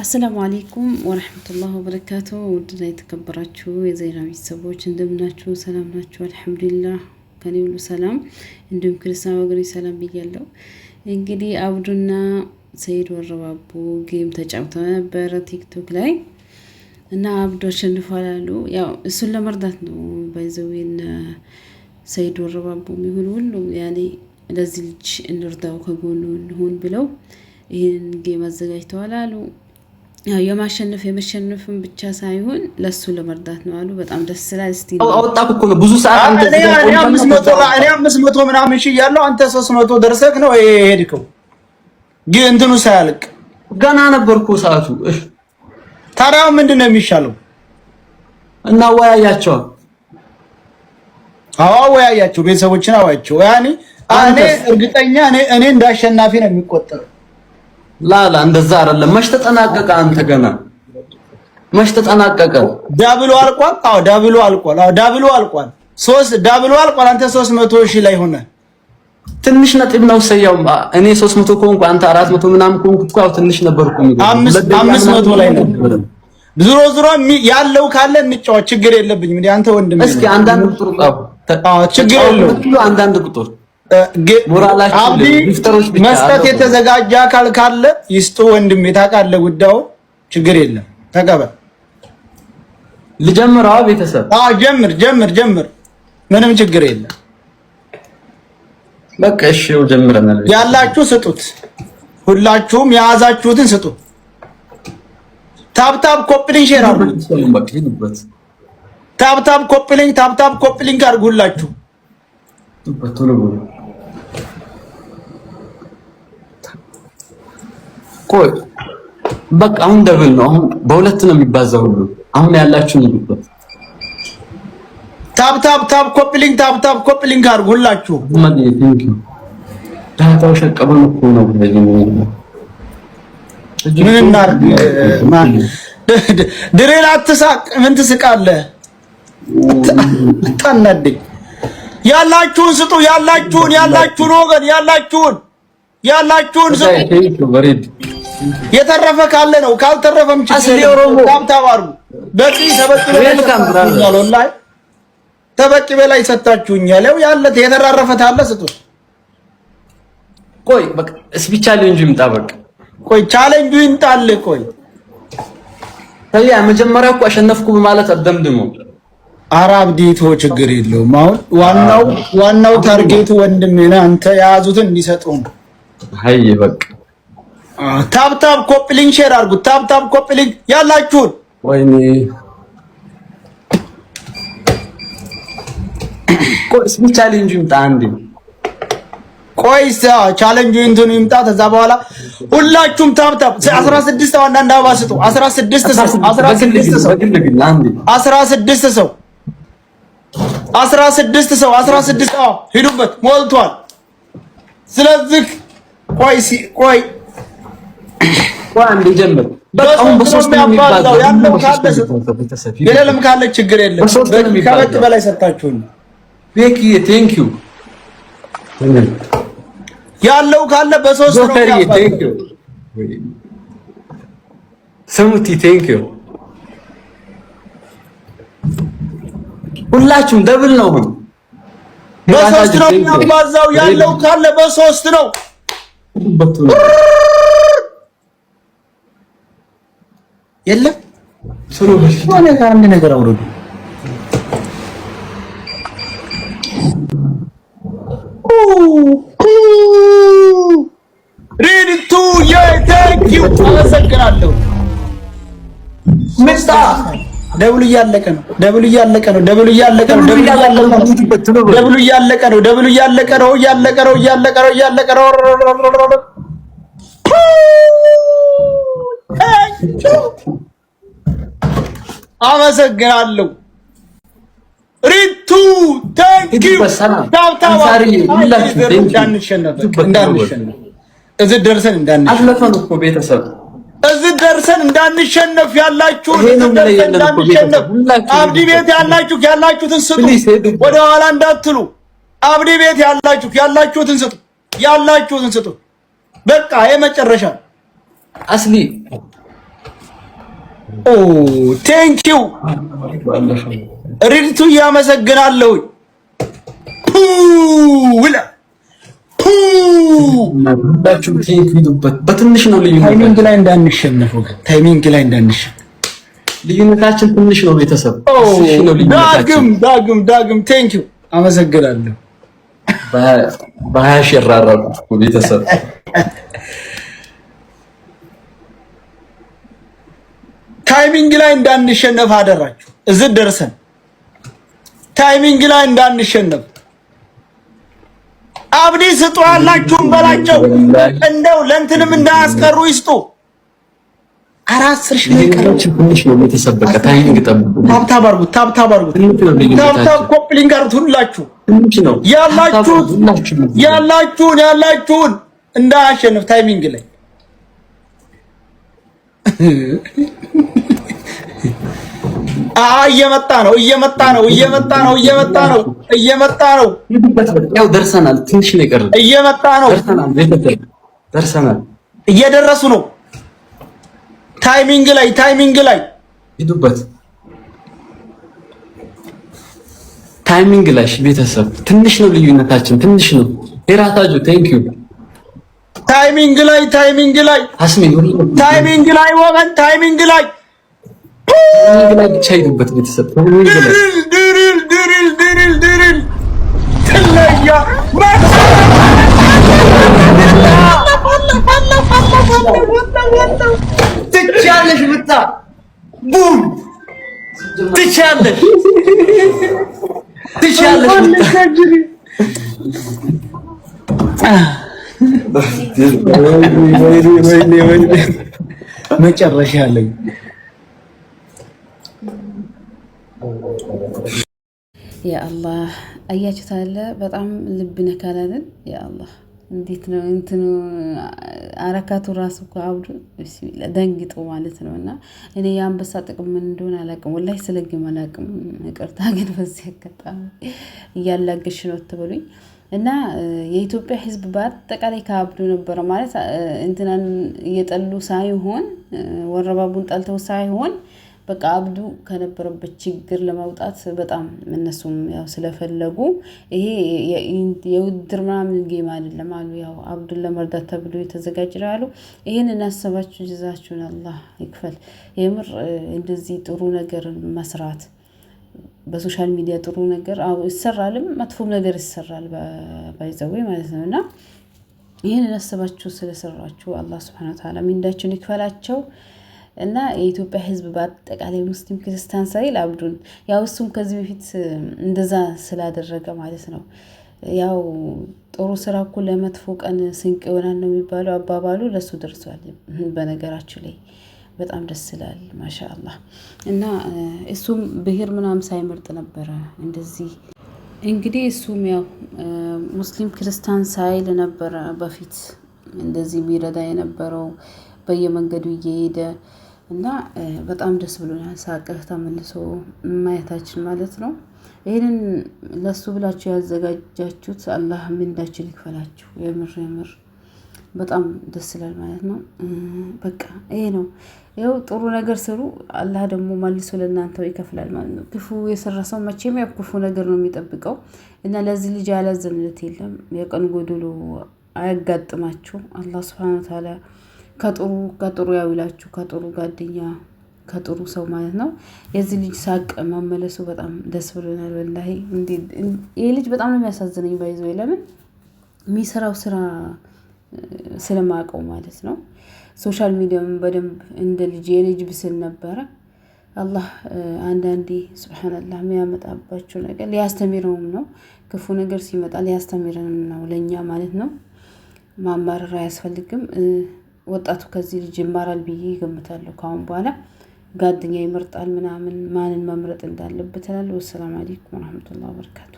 አሰላሙ አሌይኩም ወረህመቱላህ ወበረካቱ። ውድና የተከበራችሁ የዜና ቤተሰቦች እንደምናችሁ፣ ሰላም ናችሁ? አልሐምዱሊላህ ከኔ ሁሉ ሰላም፣ እንዲሁም ክርስቲያን ወገኖች ሰላም ብያለሁ። እንግዲህ አብዱና ሰይድ ወረባቦ ጌም ተጫውተው ነበረ ቲክቶክ ላይ እና አብዱ አሸንፏል አሉ። ያው እሱን ለመርዳት ነው ባይዘዌን ሰይድ ወረባቦ የሚሆን ሁሉም ያኔ ለዚህ ልጅ እንርዳው ከጎኑ እንሆን ብለው ይህን ጌም አዘጋጅተዋል አሉ። የማሸነፍ የመሸነፍን ብቻ ሳይሆን ለሱ ለመርዳት ነው አሉ። በጣም ደስ ስላል ስ አወጣኩ እኮ ብዙ ሰዓት እኔ አምስት መቶ ምናምን ሺ እያለሁ አንተ ሶስት መቶ ደርሰህ ነው ሄድከው፣ ግን እንትኑ ሳያልቅ ገና ነበርኩ ሰዓቱ። ታዲያ ምንድን ነው የሚሻለው? እናወያያቸው። አዎ አወያያቸው፣ ቤተሰቦችን አዋያቸው። ያኔ እርግጠኛ እኔ እንደ አሸናፊ ነው የሚቆጠረው ላላ እንደዛ አይደለም። መች ተጠናቀቀ? አንተ ገና መች ተጠናቀቀ? ዳብሉ አልቋል። አዎ ዳብሉ አልቋል። አዎ ዳብሉ አልቋል። ሶስት ዳብሉ አልቋል። አንተ 300 ሺህ ላይ ሆነ ትንሽ ነጥብ ነው። ሰያው እኔ 300 ኮንኩ አንተ 400 ምናምን ኮንኩ እኮ ያው ትንሽ ነበርኩ። አምስት 500 ላይ ነው። ዙሮ ያለው ካለ እንጫወት፣ ችግር የለብኝም። እንዴ አንተ ወንድም፣ እስኪ አንዳንድ ቁጥር ጣው፣ ችግር የለውም። አንዳንድ ቁጥር አብዲ መስጠት የተዘጋጀ አካል ካለ ይስጡ ወንድሜ። ታውቃለህ ጉዳዩን፣ ችግር የለም ተቀበል። ልጀምር? ቤተሰብ፣ አዎ ጀምር፣ ጀምር፣ ጀምር። ምንም ችግር የለም። በቃ እሺ፣ ጀምረናል። ያላችሁ ስጡት፣ ሁላችሁም የያዛችሁትን ስጡ። ታብታብ ኮፕሊንግ ሼር አድርጉት። ታብታብ ኮፕሊንግ፣ ታብታብ ኮፕሊንግ አድርጉላችሁ ቆይ በቃ አሁን ደብል ነው። አሁን በሁለት ነው የሚባዛው ሁሉ አሁን ያላችሁ ይሉበት። ታብ ታብ ታብ ሊንክ ታብ ታብ ሊንክ አድርጉ ሁላችሁ። ቴንክ ዩ ዳታው ሸቀበን እኮ ነው። ምን እናድርግ? ድሬላ አትሳቅ። ምን ትስቃለህ? አታናደኝ። ያላችሁን ስጡ። ያላችሁን ያላችሁን ወገን ያላችሁን ያላችሁን ስጡ። የተረፈ ካለ ነው፣ ካልተረፈም በቂ ተበቂ በላይ ሰጣችሁኛል። ያው ያለ የተራረፈ ታለ ስጡት። ቆይ በቃ እስኪ ቻሌንጁ ይምጣ። በቃ ቆይ ቻሌንጁ ይምጣልህ። ቆይ ታዲያ መጀመሪያ እኮ አሸነፍኩ በማለት አደምድሞ አራብ ዲቶ ችግር የለውም። አሁን ዋናው ዋናው ታርጌቱ ወንድሜ ነህ አንተ የያዙትን እንዲሰጡ አይ በቃ ታብታብ ኮፕሊንግ ሼር አድርጉ። ታብታብ ኮፕሊንግ ያላችሁን ወይኔ ቆይ ቻሌንጁ ይምጣ። አንዴ ቆይ ቻሌንጁ እንትኑ ይምጣ። ከዛ በኋላ ሁላችሁም ታብታብ 16 ሰው አንዳንድ አበባ ስጡ። 16 ሰው 16 ሰው 16 ሰው 16 ሰው 16 አዎ፣ ሂዱበት ሞልቷል። ስለዚህ ቆይ ቆይ አንዴ ካለ ችግር የለም። ከበቂ በላይ ሰጣችሁን። ቤኪ ቴንክ ዩ ያለው ካለ በሶስት ነው ያለው። ስሙቲ ቴንክ ዩ ሁላችሁም ደብል ነው። አሁን በሶስት ነው የሚያባዛው ያለው ካለ በሶስት ነው። የለም ሆነ አንድ ነገር አውረዱ። ሪድቱ የቴንኪው አመሰግናለሁ። ምስታ ደብሉ እያለቀ ነው። ደብሉ እያለቀ ነው። ደብሉ እያለቀ ነው። ደብሉ እያለቀ ነው። ደብሉ እያለቀ ነው። ደብሉ እያለቀ ነው። እያለቀ ነው። እያለቀ ነው። እያለቀ ነው። አመሰግናለሁ። ሪቱ እዚህ ደርሰን እንዳንሸነፍ ያላችሁ አብዲ ቤት ያላችሁ ያላችሁትን ስጡ፣ ወደኋላ እንዳትሉ። አብዲ ቤት ያላችሁ ያላችሁትን ስጡ፣ ያላችሁትን ስጡ። በቃ የመጨረሻ አስሊ ኦ ቴንኪው ሪድቱ እያመሰግናለሁ። ውላ በትንሽ ነው ልዩነት። ታይሚንግ ላይ እንዳንሸነፍ ወገን፣ ታይሚንግ ላይ እንዳንሸነፍ። ልዩነታችን ትንሽ ነው ቤተሰብ። ዳግም ዳግም ዳግም ቴንኪው አመሰግናለሁ። በሀያ ሺህ እራራቁ ቤተሰብ ታይሚንግ ላይ እንዳንሸነፍ አደራችሁ። እዚህ ደርሰን ታይሚንግ ላይ እንዳንሸነፍ አብዲ ስጡ አላችሁም በላቸው። እንደው ለእንትንም እንዳያስቀሩ ይስጡ። አራት ኮፕሊንግ ያላችሁን ያላችሁን እንዳያሸንፍ ታይሚንግ ላይ እየመጣ ነው እየመጣ ነው እየመጣ ነው እየመጣ ነው እየመጣ ነው። ያው ደርሰናል፣ ትንሽ ነው የቀረው። እየመጣ ነው፣ ደርሰናል፣ እየደረሱ ነው። ታይሚንግ ላይ ታይሚንግ ላይ ሂዱበት፣ ታይሚንግ ላይ ቤተሰብ፣ ትንሽ ነው ልዩነታችን፣ ትንሽ ነው። ሄራታጁ ቴንክ ዩ ታይሚንግ ላይ ታይሚንግ ላይ አስሚ ታይሚንግ ላይ ወገን ታይሚንግ ላይ ምን ብቻ ይደበት ቤተሰብ ድርል ድርል ድርል ድርል ትለያ ትቻለሽ ብታ ቡም ትቻለሽ ትቻለሽ ብታ መጨረሻ አለኝ የአላህ አያችሁት አለ በጣም ልብ ነካል አይደል? የአላህ እንዴት ነው እንትኑ አረካቱ ራሱ እኮ አብዱ ደንግጦ ማለት ነው። እና እኔ የአንበሳ ጥቅም ምን እንደሆነ አላቅም፣ ወላሂ ስለግም አላቅም። ይቅርታ ግን በዚህ አጋጣሚ እያላገሽ ነው ትበሉኝ እና የኢትዮጵያ ሕዝብ በአጠቃላይ ከአብዱ ነበረ ማለት እንትናን እየጠሉ ሳይሆን ወረባቡን ጠልተው ሳይሆን በቃ አብዱ ከነበረበት ችግር ለማውጣት በጣም እነሱም ያው ስለፈለጉ ይሄ የውድድር ምናምን ጌም አይደለም አሉ። ያው አብዱን ለመርዳት ተብሎ የተዘጋጀ ያሉ። ይህን እናሰባችሁ ጅዛችሁን አላህ ይክፈል። የምር እንደዚህ ጥሩ ነገር መስራት በሶሻል ሚዲያ ጥሩ ነገር ይሰራልም፣ መጥፎም ነገር ይሰራል ባይዘዌ ማለት ነው እና ይህን ያሰባችሁ ስለሰራችሁ አላህ ስብሐነ ወተዓላ ሚንዳችሁን ይክፈላቸው። እና የኢትዮጵያ ሕዝብ በአጠቃላይ ሙስሊም ክርስቲያን ሳይል አብዱን ያው እሱም ከዚህ በፊት እንደዛ ስላደረገ ማለት ነው። ያው ጥሩ ስራ እኮ ለመጥፎ ቀን ስንቅ ይሆናል ነው የሚባለው አባባሉ ለሱ ደርሷል። በነገራችሁ ላይ በጣም ደስ ይላል ማሻአላ። እና እሱም ብሄር ምናምን ሳይመርጥ ነበረ እንደዚህ እንግዲህ እሱም ያው ሙስሊም ክርስቲያን ሳይል ነበረ በፊት እንደዚህ የሚረዳ የነበረው በየመንገዱ እየሄደ እና በጣም ደስ ብሎኛል። ሳቅህ ተመልሶ ማየታችን ማለት ነው። ይህንን ለሱ ብላችሁ ያዘጋጃችሁት አላህ ምንዳችን ይክፈላችሁ። የምር የምር በጣም ደስ ይላል ማለት ነው። በቃ ይሄ ነው። ይኸው ጥሩ ነገር ስሩ፣ አላህ ደግሞ መልሶ ለእናንተው ይከፍላል ማለት ነው። ክፉ የሰራ ሰው መቼም ያው ክፉ ነገር ነው የሚጠብቀው እና ለዚህ ልጅ ያላዘንለት የለም። የቀን ጎዶሎ አያጋጥማችሁ አላህ ስብሐነ ወተዓላ ከጥሩ ከጥሩ ያው ከጥሩ ጓደኛ ከጥሩ ሰው ማለት ነው። የዚህ ልጅ ሳቅ መመለሱ በጣም ደስ ብሎናል። ወላሂ ይህ ልጅ በጣም ነው የሚያሳዝነኝ። ባይዞ ለምን የሚሰራው ስራ ስለማውቀው ማለት ነው። ሶሻል ሚዲያም በደንብ እንደ ልጅ የልጅ ብስል ነበረ። አላህ አንዳንዴ ስብሓንላህ የሚያመጣባቸው ነገር ሊያስተምረውም ነው። ክፉ ነገር ሲመጣ ሊያስተምረንም ነው ለእኛ ማለት ነው። ማማረር አያስፈልግም። ወጣቱ ከዚህ ልጅ ይማራል ብዬ ይገምታለሁ። ከአሁን በኋላ ጓደኛ ይመርጣል ምናምን ማንን መምረጥ እንዳለበት እላለሁ። ወሰላም አለይኩም ወረሕመቱላሂ ወበረካቱ